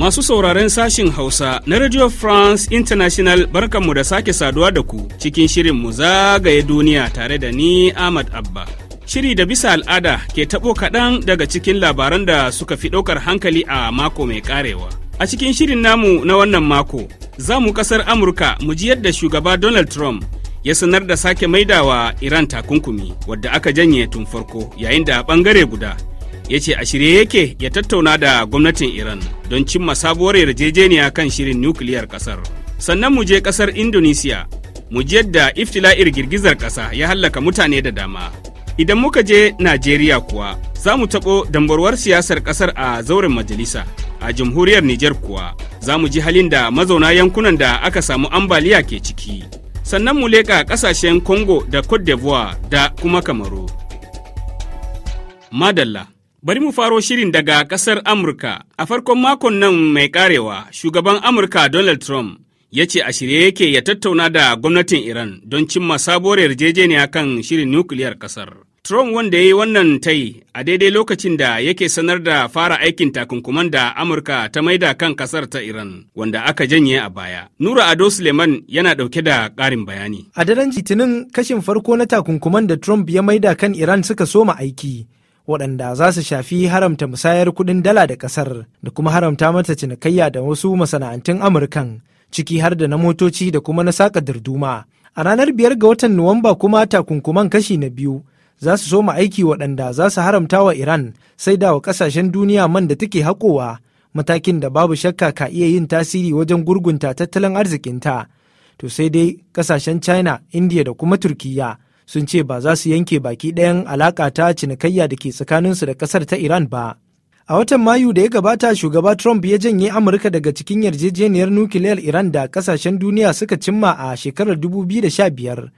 Masu sauraren sashin Hausa na Radio France International barkanmu da sake saduwa da ku cikin shirin mu zagaye duniya tare da ni Ahmad Abba. Shiri da bisa al'ada ke tabo kaɗan daga cikin labaran da suka fi ɗaukar hankali a mako mai ƙarewa. A cikin shirin namu na wannan mako, za mu ƙasar Amurka mu ji yadda shugaba Donald Trump ya sanar da sake maidawa Iran takunkumi wadda aka janye tun farko yayin da ɓangare guda ya ce a shirye yake ya tattauna da gwamnatin Iran don cimma sabuwar yarjejeniya kan shirin nukiliyar kasar. Sannan mu je kasar indonesiya mu ji yadda iftila'ir girgizar kasa ya hallaka mutane da dama. Idan muka je Najeriya kuwa, za mu taɓo dambarwar siyasar kasar a zauren majalisa. A jamhuriyar Nijar kuwa, za mu ji halin da mazauna yankunan da aka samu ambaliya ke ciki. Sannan mu leƙa ƙasashen Congo da Cote d'Ivoire da kuma Kamaru. Madalla. Bari mu faro shirin daga ƙasar Amurka. A farkon makon nan mai ƙarewa, shugaban Amurka Donald Trump ya ce a shirye yake ya tattauna da gwamnatin Iran don cimma sabuwar yarjejeniya kan shirin nukiliyar ƙasar. Trump wanda ya yi wannan tai a daidai lokacin da yake sanar da fara aikin takunkuman da Amurka ta maida kan kasar ta Iran wanda aka janye a baya. Nura Ado Suleiman yana ɗauke da ƙarin bayani. A daren Litinin kashin farko na takunkuman da Trump ya maida kan Iran suka soma aiki. waɗanda za su shafi haramta musayar kuɗin dala da ƙasar da kuma haramta mata cinikayya da wasu masana'antun amurkan ciki har da na motoci da kuma na saƙa darduma a ranar biyar ga watan nuwamba kuma takunkuman kashi na biyu za su soma aiki waɗanda za su haramta wa iran sai da wa ƙasashen duniya man da take haƙowa matakin da babu shakka ka iya yin tasiri wajen gurgunta tattalin arzikinta to sai dai ƙasashen china india da kuma turkiyya sun ce ba za su yanke baki ɗayan alaƙa ta cinikayya da ke tsakaninsu da ƙasar ta Iran ba. A watan Mayu da ya gabata shugaba Trump ya janye Amurka daga cikin yarjejeniyar nukiliyar Iran da ƙasashen duniya suka cimma a shekarar 2015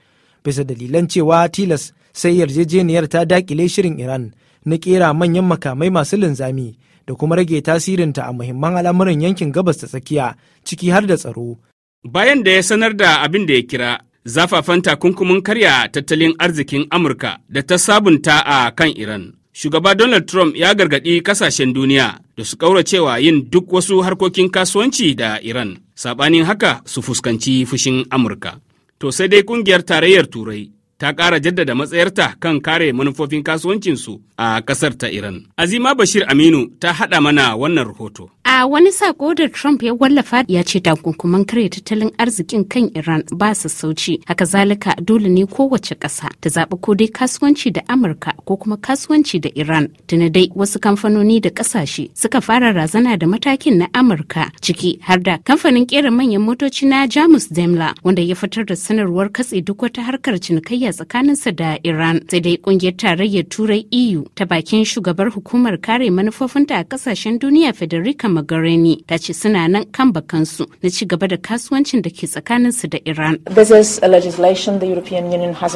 bisa dalilan cewa tilas sai yarjejeniyar ta dakile shirin Iran na ƙera manyan makamai masu linzami da kuma rage tasirinta a muhimman al'amuran yankin gabas ta tsakiya ciki har da tsaro. Bayan da ya sanar da abin da ya kira zafafan takunkumin karya tattalin arzikin Amurka da ta sabunta a kan Iran. Shugaba Donald Trump ya gargaɗi kasashen duniya da su ƙauracewa yin duk wasu harkokin kasuwanci da Iran, saɓanin haka su fuskanci fushin Amurka. To sai dai ƙungiyar tarayyar Turai ta ƙara jaddada matsayarta kan kare manufofin kasuwancinsu a ƙasar ta Iran. Azima Bashir Aminu ta haɗa mana wannan rahoto. A wani sako da Trump ya wallafa ya ce takunkuman karya tattalin arzikin kan Iran ba su sauci. Haka zalika dole ne kowace ƙasa ta zaɓi ko dai kasuwanci da Amurka ko kuma kasuwanci da Iran. Tuna dai wasu kamfanoni da ƙasashe suka fara razana da matakin na Amurka ciki har da kamfanin ƙera manyan motoci na Jamus Daimler wanda ya fitar da sanarwar katse duk wata harkar cinikayya tsakaninsa da Iran. Sai dai ƙungiyar tarayyar Turai EU ta bakin shugabar hukumar kare manufofinta a ƙasashen duniya Federica Mogherini ta ce suna nan kan bakansu na ci gaba da kasuwancin da ke tsakaninsu da Iran. a legislation the Union has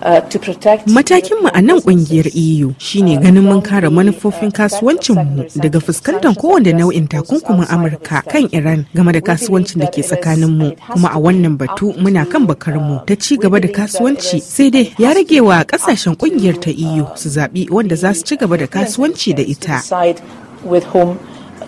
uh, Matakin mu a nan kungiyar EU e shine ganin mun kare uh, manufofin kasuwancinmu daga fuskantar kowane nau'in takunkumin Amurka kan Iran game da kasuwancin da ke tsakaninmu kuma a wannan batu muna kan bakarmu ta ci gaba da kasuwanci sai dai ya rage wa kasashen kungiyar ta EU su zaɓi wanda za su ci gaba da kasuwanci da ita.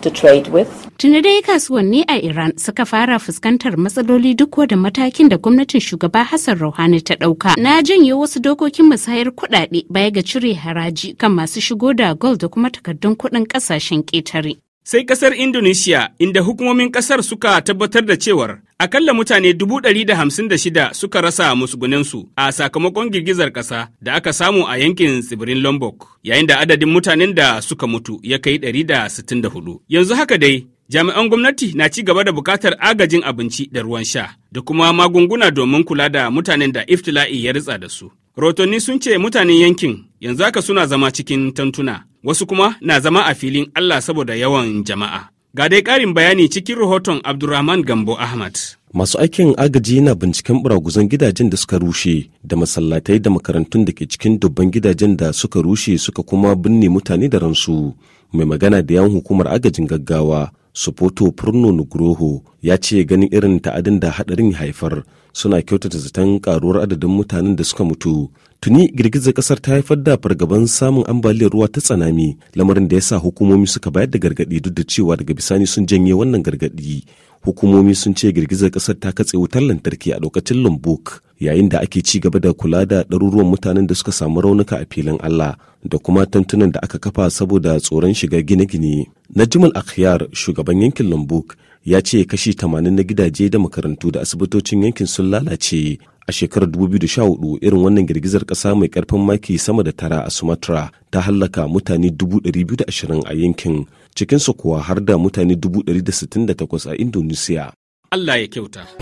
to trade with. tuna dai kasuwanni a Iran suka fara fuskantar matsaloli duk da matakin da gwamnatin shugaba Hassan Rouhani ta ɗauka. Na janyo wasu dokokin musayar kudade baya ga cire haraji kan masu shigo da gold da kuma takardun kudin kasashen ƙetare. Sai kasar Indonesia inda hukumomin kasar suka tabbatar da cewar akalla mutane 156 suka rasa musgunansu a sakamakon girgizar kasa da aka samu a yankin tsibirin Lombok, yayin da adadin mutanen da suka mutu ya kai 164. Yanzu haka dai, jami'an gwamnati na ci gaba da bukatar agajin abinci da ruwan sha da kuma magunguna domin kula da mutanen da iftila'i ya ritsa da su. Rotonni sun ce mutanen yankin yanzu haka suna zama cikin tantuna. wasu kuma na zama a filin Allah saboda yawan jama'a. Ga dai ƙarin bayani cikin rahoton Abdulrahman Gambo Ahmad. Masu aikin agaji na binciken buraguzan gidajen da suka rushe da masallatai da makarantun da ke cikin dubban gidajen da suka rushe suka kuma binne mutane da ransu. Mai magana da yan hukumar agajin gaggawa Sopoto Furno Nugroho ya ce ganin irin ta'adin da hadarin haifar suna kyautata zaton karuwar adadin mutanen da suka mutu. Tuni girgizar kasar ta haifar da fargaban samun ambaliyar ruwa ta tsanami lamarin da ya sa hukumomi suka bayar da gargaɗi duk da cewa daga bisani sun janye wannan gargaɗi. Hukumomi sun ce girgizar kasar ta katse wutar lantarki a lokacin Lombok. yayin da ake ci gaba da kula da ɗaruruwan mutanen da suka samu raunuka a filin Allah da kuma tantunan da aka kafa saboda tsoron shiga gine-gine. Najimul Akhyar shugaban yankin Lombok ya ce kashi tamanin na gidaje da makarantu da asibitocin yankin sun lalace a shekarar 2014 irin wannan girgizar ƙasa mai ƙarfin maki sama da tara a Sumatra ta hallaka mutane 220 a yankin cikinsu kuwa har da mutane 168 a Indonesia. Allah ya kyauta.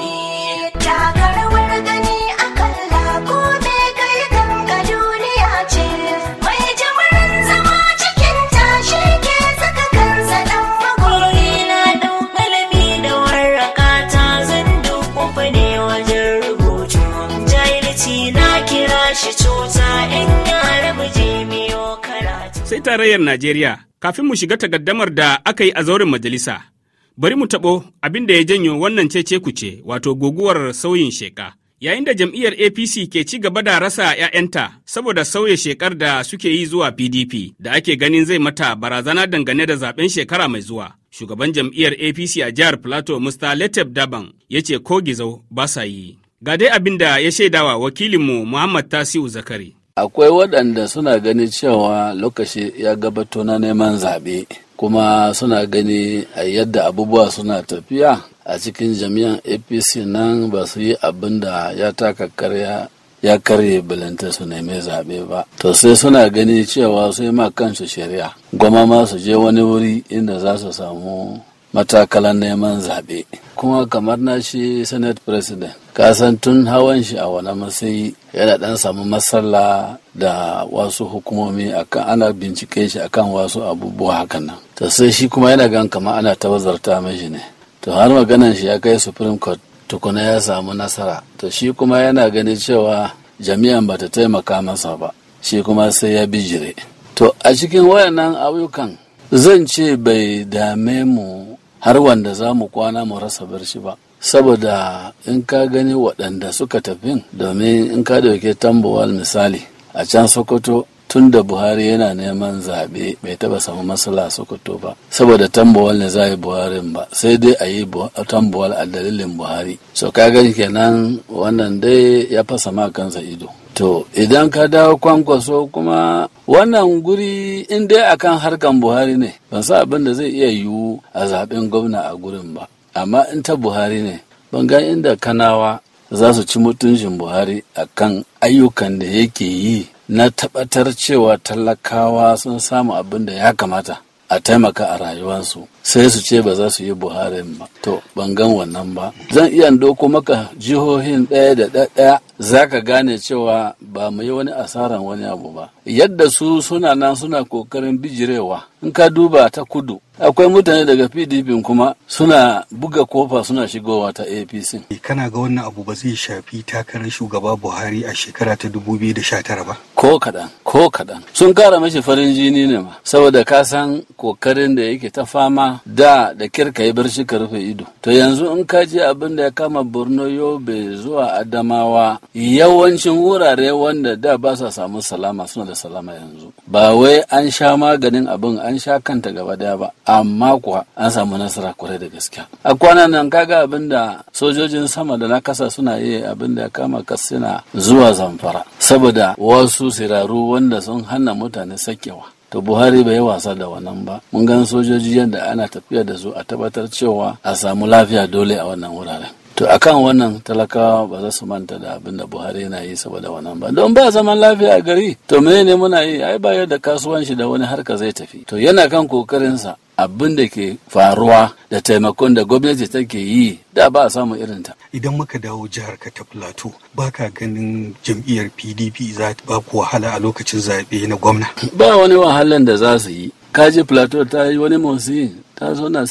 tarayyar Najeriya kafin mu shiga takaddamar da aka yi a zauren majalisa. Bari mu taɓo abin da ya janyo wannan cece kuce wato guguwar sauyin sheka. Yayin da jam'iyyar APC ke ci gaba da rasa 'ya'yanta saboda sauya shekar da suke yi zuwa PDP da ake ganin zai mata barazana dangane da zaben shekara mai zuwa. Shugaban jam'iyyar APC a jihar Plateau musta Leteb Daban ya ce ko gizo ba sa yi. Ga dai abin da ya shaidawa wakilinmu Muhammad Tasiu Zakari. akwai waɗanda suna gani cewa lokaci ya gabato na neman zaɓe kuma suna gani a yadda abubuwa suna tafiya a cikin jami'an apc nan ba su yi abin da ya taka karya ya karye balanta su neme zaɓe ba to sai suna gani cewa sai ma kansu shari'a goma ma su je wani wuri inda za su samu matakalan neman zaɓe kuma kamar na shi senate president kasan tun hawan shi a wani matsayi yana ɗan samu matsala da wasu hukumomi akan ana bincike shi akan wasu abubuwa hakan nan ta sai shi kuma yana gan kama ana tabazarta mashi ne to har maganan shi ya kai supreme court tukuna ya samu nasara to shi kuma yana ganin cewa jami'an bata taimaka masa ba shi kuma sai ya bijire to a cikin wayannan ayyukan zan ce bai dame mu har wanda za mu kwana mu rasa bar shi ba saboda in ka gani waɗanda suka tafin domin in ka ɗauke tambawal misali a can sokoto tun da buhari yana neman zaɓe bai taɓa samu matsala sokoto ba saboda tambawal ne za a yi buharin ba sai dai a yi tambawal a dalilin buhari so ka gani kenan wannan dai ya fasa ma kansa ido To idan ka dawo kwankwaso kuma wannan guri in dai akan harkan Buhari ne ban sa abin da zai iya yiwu a zaben gwamna a gurin ba amma in ta Buhari ne ban ga inda kanawa za su ci mutuncin Buhari a kan ayyukan da yake yi na tabbatar cewa talakawa sun samu abin da ya kamata a taimaka a rayuwarsu sai su ce ba za su yi buharin ba to ban gan wannan ba zan iya doko maka jihohin ɗaya da ɗaya za ka gane cewa ba mu yi wani asaran wani abu ba yadda su suna nan suna kokarin bijirewa in ka duba ta kudu akwai mutane daga pdp kuma suna buga kofa suna shigowa ta apc kana ga wannan abu ba zai shafi takarar shugaba buhari a shekara ta 2019 ba ko kaɗan ko kaɗan sun kara mashi farin jini ne ma saboda ka san kokarin da yake ta fama da da kirka ya bar shi ka rufe ido to yanzu in ka je abin da ya kama borno yobe zuwa adamawa yawancin wurare wanda da ba sa samu salama suna da salama yanzu ba wai an sha maganin abin an sha kanta gaba daya ba amma kuwa an samu nasara kwarai da gaskiya a kwanan nan kaga abin da sojojin sama da na kasa suna yi abin da ya kama katsina zuwa zamfara saboda wasu siraru wanda sun hana mutane sakewa to buhari bai yi wasa da wannan ba mun gan sojoji yadda ana tafiya da su a tabbatar cewa a samu lafiya dole a wannan wuraren to a kan wannan talakawa ba za su manta da abin da buhari yana yi saboda wannan ba don ba zaman lafiya a gari to ne muna yi ai ba yadda kasuwanci da wani harka zai tafi to yana kan kokarinsa abin da ke faruwa da taimakon da gwamnati take yi da ba a samu irinta. Idan muka dawo jihar ka ta Plateau ba ka ganin jam'iyyar PDP za ta ba ku wahala a lokacin zaɓe na gwamna. Ba wani wahalan da za su yi. Kaji Plateau ta yi wani motsi ta zo na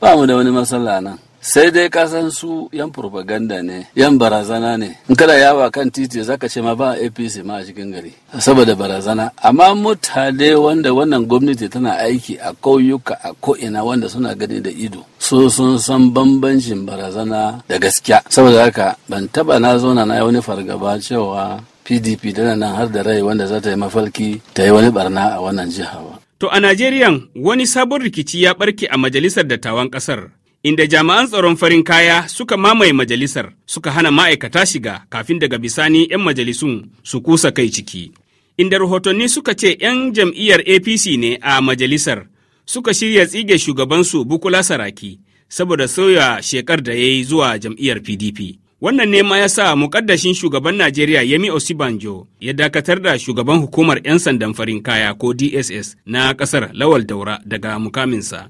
ba mu da wani matsala nan. sai dai kasan su yan propaganda ne yan barazana ne in kada yawa kan titi zaka ce ma ba apc ma a cikin gari saboda barazana amma mutane wanda wannan gwamnati tana aiki a kauyuka a ko'ina wanda suna gani da ido su sun san bambancin barazana da gaskiya saboda haka ban taba na zauna na wani fargaba cewa pdp tana nan har da rai wanda za ta yi mafalki ta yi wani barna a wannan jiha ba to a najeriya wani sabon rikici ya barke a majalisar dattawan kasar inda jami'an tsaron farin kaya suka mamaye majalisar suka hana ma'aikata shiga kafin daga bisani 'yan majalisun su kusa kai ciki. Inda rahotanni suka ce 'yan jam'iyyar APC ne a majalisar suka shirya tsige shugabansu Bukula Saraki saboda sauya shekar da ya yi zuwa jam'iyyar PDP. Wannan ne ma ya sa Muƙaddashin shugaban Najeriya Yemi Osibanjo ya dakatar da shugaban hukumar 'yan sandan farin kaya ko DSS na ƙasar Lawal Daura daga mukaminsa.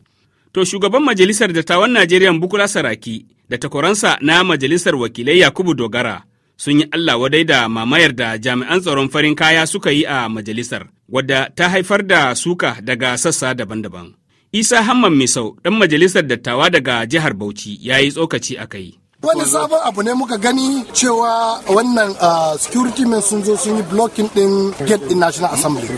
To shugaban majalisar dattawan Najeriya Bukula Saraki da takwaransa na majalisar wakilai Yakubu Dogara sun yi Allah wadai da mamayar da jami'an tsaron farin kaya suka yi a majalisar wadda ta haifar da suka daga sassa daban-daban. Isa Hamman Misau, ɗan majalisar dattawa daga jihar Bauchi, ya yi tsokaci a kai. wani sabon abu ne muka gani cewa wannan ah, security men sun zo sun yi blocking din gate din national assembly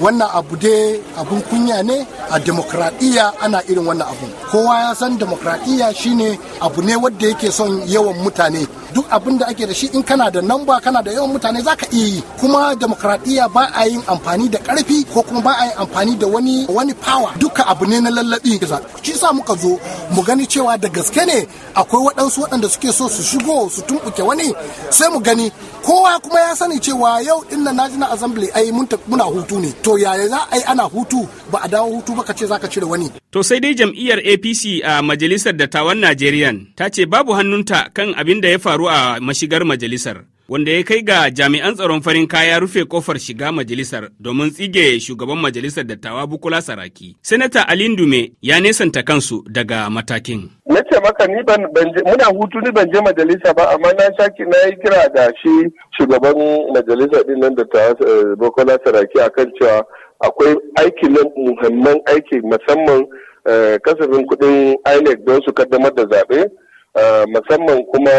wannan abu dai abun kunya ne a demokradiyya ana irin wannan abun kowa ya san demokradiyya shine abu ne wanda yake son yawan mutane duk abin da ake da shi in kana da namba kana da yawan mutane za ka iya yi kuma demokradiyya ba a yin amfani da karfi ko kuma ba a yin amfani da wani wani power duka abu ne na lallabi shi sa muka zo mu gani cewa da gaske ne akwai waɗansu waɗanda da suke so su shigo su tumbuke wani sai mu gani kowa kuma ya sani cewa yau din nan naji na assembly ai muna hutu ne to yaya za a ana hutu ba a dawo hutu ba ka ce za ka cire wani to sai dai jam'iyyar apc a majalisar dattawan najeriya ta ce babu hannunta kan abin da ya faru a mashigar majalisar wanda ya kai ga jami'an tsaron farin kaya rufe kofar shiga majalisar domin tsige shugaban majalisar dattawa bukula Saraki. Sanata Alindume ya nesanta kansu daga matakin. Na ce maka ni ban muna hutu ni banje je majalisa ba amma na shaki na yi kira da shi shugaban majalisa din nan dattawa eh, bukula Saraki akan cewa akwai aiki na muhimman aiki musamman eh, kasafin kuɗin INEC don su kaddamar da zaɓe eh, musamman kuma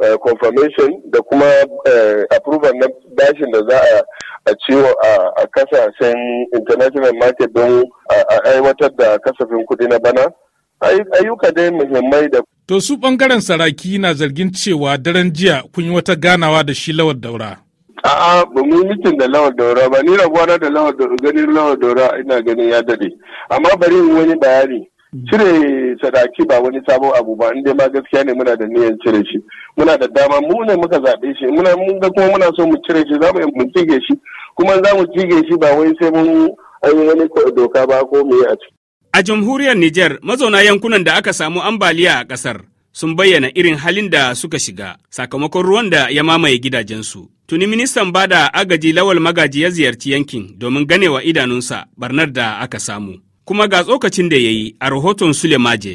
Eh, confirmation da kuma eh, approval na bashin da za a a ciwo a kasashen international market don a aiwatar da kasafin kuɗi na bana ayyuka dai muhimmai da to su bangaren saraki na zargin cewa daren jiya kun yi wata ganawa da shi lawar daura a'a ba mu mitin da lawar daura ba ni rabuwa da lawar ganin lawar daura ina ganin ya dade amma bari wani bayani cire sadaki ba wani sabon abu ba inda ma gaskiya ne muna da niyyar cire shi muna da dama mu ne muka zaɓe shi muna mun ga kuma muna so mu cire shi za mu cige shi kuma za mu cige shi ba wai sai mun an yi wani doka ba ko me a ci. A jamhuriyar niger mazauna yankunan da aka samu ambaliya a ƙasar sun bayyana irin halin da suka shiga sakamakon ruwan da ya mamaye gidajensu. Tuni ministan bada agaji lawal magaji ya ziyarci yankin domin ganewa idanunsa barnar da aka samu. kuma ga tsokacin da ya yi a rahoton sule maje.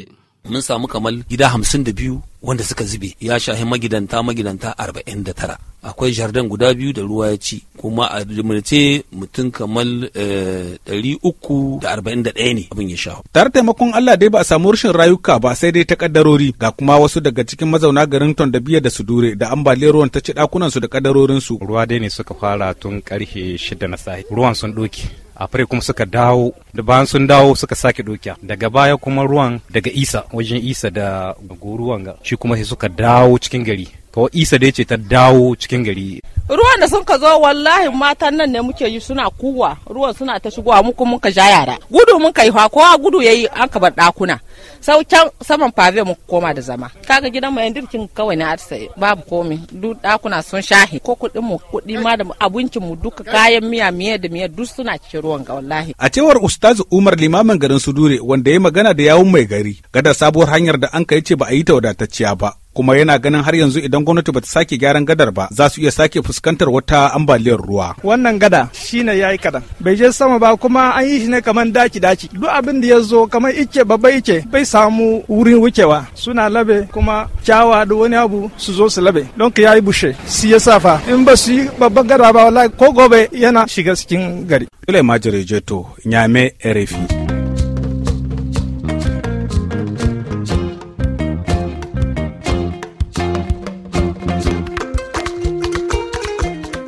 Mun samu kamar gida hamsin da biyu wanda suka zube ya shahi magidanta magidanta arba'in da tara akwai jardin guda biyu da ruwa ya ci kuma a dimulce mutum kamar eh, ɗari uku da arba'in da ɗaya ne abin ya shahu. tare taimakon Allah dai ba a samu rashin rayuka ba sai dai ta kaddarori ga kuma wasu daga cikin mazauna garin Tondabiya da Sudure da ambaliyar ruwan ta ci ɗakunan su da kaddarorin su. ruwa dai ne suka fara tun karfe shida na safe ruwan sun ɗoke a afare kuma suka dawo da bayan sun dawo suka sake dokiya daga baya kuma ruwan daga isa wajen isa da goruwan shi kuma sai suka dawo cikin gari kawai isa dai ce ta dawo cikin gari ruwan da sun ka zo wallahi matan nan ne muke yi suna kuwa ruwan suna ta shigowa muku muka ja yara gudu mun yi kowa gudu yayi an ka bar dakuna sau can saman fave mu koma da zama kaga gidan mu yandirkin kawai na arsa babu komai duk dakuna sun shahi ko kudin mu kudi ma da abincin mu duka kayan miya miya da miya duk suna cikin ruwan ga wallahi a cewar ustaz Umar limamin garin su dure wanda ya magana da yawun mai gari gada sabuwar hanyar da an kai ce ba a yi ta wadatacciya ba kuma yana ganin har yanzu idan gwamnati bata sake gyaran gadar ba za su iya sake fuskantar wata ambaliyar ruwa wannan gada shine yi kadan bai je sama ba kuma an yi shi ne kamar daki daki duk abin da ya zo kamar ike babba ike bai samu wurin wucewa suna labe kuma kyawa da wani abu su zo su labe don ka yayi bushe si ya safa in ba su yi babban gada ba wallahi ko gobe yana shiga cikin gari ma jare Jeto, Nyame rfi.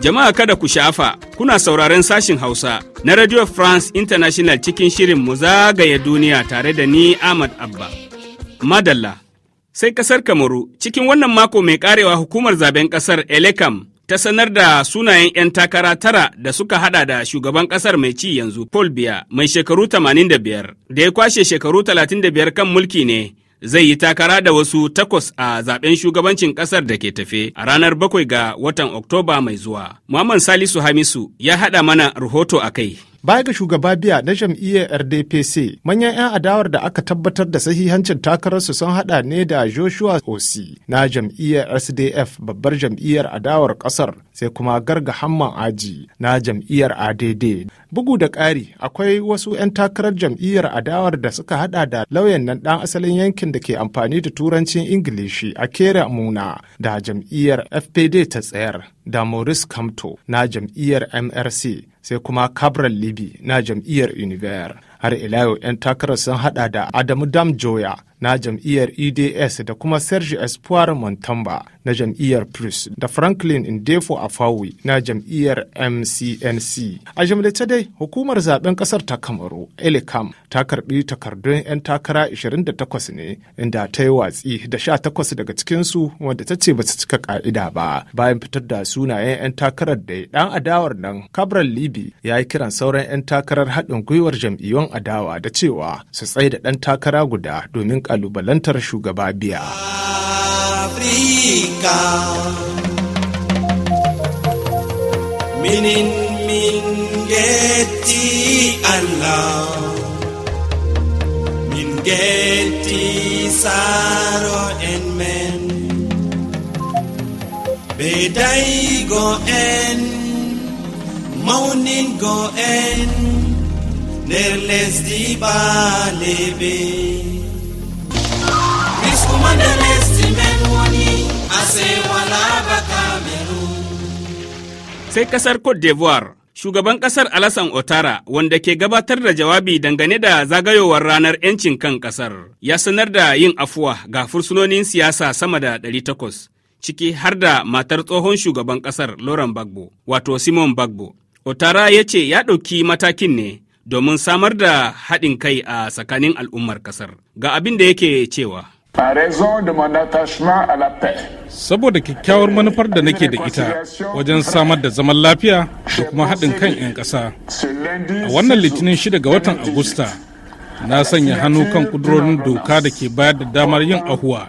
Jama'a kada ku shafa, kuna sauraron sashin Hausa na Radio France International cikin shirin mu zagaye duniya tare da ni Ahmad Abba. Madalla, sai kasar Kamaru cikin wannan mako mai karewa hukumar zaben kasar Elekam ta sanar da sunayen 'yan takara tara da suka hada da shugaban kasar mai ci yanzu Paul Biya mai shekaru 85 da ya kwashe shekaru 35 kan mulki ne zai yi takara da wasu takwas a zaben shugabancin kasar da ke tafe a ranar bakwai ga watan Oktoba mai zuwa. Muhammad Salisu Hamisu ya haɗa mana rahoto a kai. Baya ga shugaba biya na jam'iyyar RDPC, manyan 'yan adawar da aka tabbatar da sahihancin takararsu sun hada ne da Joshua Osi na jam'iyyar SDF babbar jam'iyyar adawar kasar sai kuma Garga Hamman Aji na jam'iyyar ADD. Bugu da ƙari akwai wasu 'yan takarar jam'iyyar adawar da suka hada da lauyan nan ɗan asalin yankin da ke amfani da turancin Ingilishi a Kera Muna da jam'iyyar FPD ta tsayar. da Maurice Kamto na jam'iyyar MRC sai kuma Cabral Libi na jam'iyyar univer Har ila yau 'yan takarar sun hada da Adamu Damjoya na jam'iyyar EDS da kuma Serge Espoir Montamba na jam'iyyar Plus da Franklin Indefo Afawi na jam'iyyar MCNC. A jimlice dai hukumar zaben kasar ta Kamaru, Elecam, ta karbi takardun 'yan takara 28 ne inda ta yi watsi da sha takwas daga cikinsu wanda ta ce ba su cika ka'ida ba. Bayan fitar da sunayen 'yan takarar da dan adawar nan Cabral Libi ya yi kiran sauran 'yan takarar haɗin gwiwar jam'iyyun adawa da cewa su tsaye da ɗan takara guda domin kalubalantar shugaba biya bedaigo en mauningo en nder lesdi balebe sai kasar Cote d'Ivoire. Shugaban kasar Alassane Ouattara wanda ke gabatar da jawabi dangane da zagayowar ranar 'yancin kan kasar ya sanar da yin afuwa ga fursunonin siyasa sama da 800 ciki har da matar tsohon shugaban kasar Laurent Gbagbo wato Simon Gbagbo. Ouattara ya ce ya ɗauki matakin ne domin samar da haɗin kai a tsakanin al'ummar kasar ga abin da yake cewa. Saboda kyakkyawar manufar da nake da ita wajen samar da zaman lafiya da kuma haɗin kan 'yan ƙasa. A wannan litinin shida ga watan Agusta, na sanya hannu kan ƙudurorin doka da ke bayar da damar yin ahuwa.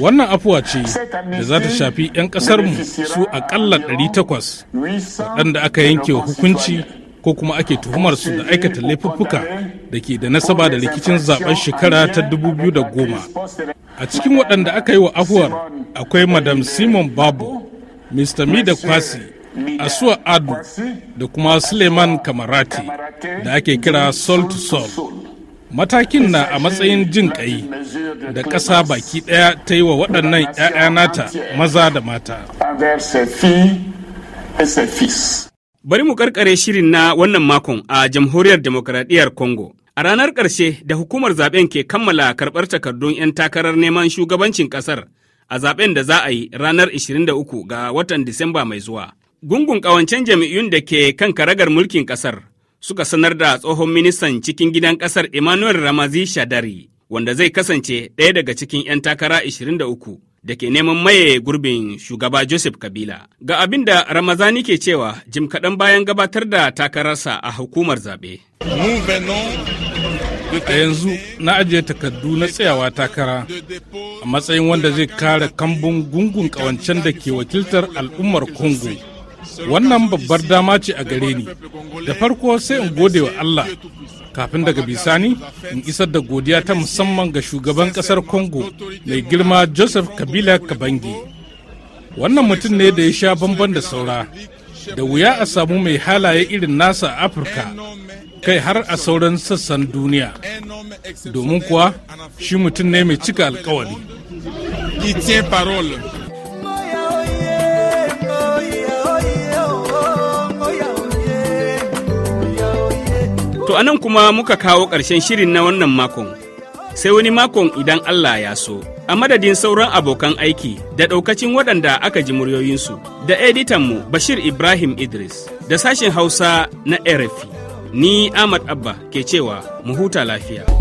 Wannan afuwa ce da za ta shafi 'yan ƙasarmu su aƙalla 800 waɗanda aka yanke wa hukunci ko kuma ake tuhumar su da aikata laifuffuka da ke da nasaba da rikicin zaben shekara ta 2010 a cikin waɗanda aka yi wa afuwar akwai madam simon babu mr mida kwasi asuwa adu da kuma suleiman kamarati da ake kira sol to sol matakin na a matsayin jin ƙai da ƙasa baki ɗaya ta yi wa waɗannan 'ya'ya nata maza da mata Bari mu karkare shirin na wannan makon a jamhuriyar demokradiyyar Congo, A ranar ƙarshe da hukumar zaɓen ke kammala karɓar takardun 'yan takarar neman shugabancin ƙasar a zaɓen da za a yi ranar 23 ga watan Disamba mai zuwa. Gungun ƙawancen jami'un da ke kan karagar mulkin ƙasar suka sanar da tsohon ministan cikin gidan ƙasar Emmanuel Ramazi Shadari, wanda zai kasance ɗaya daga cikin 'yan takara 23. da ke neman maye gurbin shugaba Joseph Kabila. Ga abin da Ramazani ke cewa jim kaɗan bayan gabatar da takararsa a hukumar zaɓe. A yanzu na ajiye takardu na tsayawa takara a matsayin wanda zai kare kambun gungun ƙawancen da ke wakiltar al'ummar Congo. Wannan babbar dama ce a gare ni. Da farko sai in gode wa Allah kafin daga bisani in isar da godiya ta musamman ga shugaban kasar congo mai girma joseph kabila kabange wannan mutum ne da ya sha bamban da saura da wuya a samu mai halaye irin nasa a afirka kai har a sauran sassan duniya domin kuwa shi mutum ne mai cika alkawari To anan kuma muka kawo ƙarshen shirin na wannan makon, sai wani makon idan Allah ya so. A madadin sauran abokan aiki da ɗaukacin waɗanda aka ji muryoyinsu da editanmu Bashir Ibrahim Idris da sashen Hausa na RFI, ni Ahmad Abba ke cewa mu huta lafiya.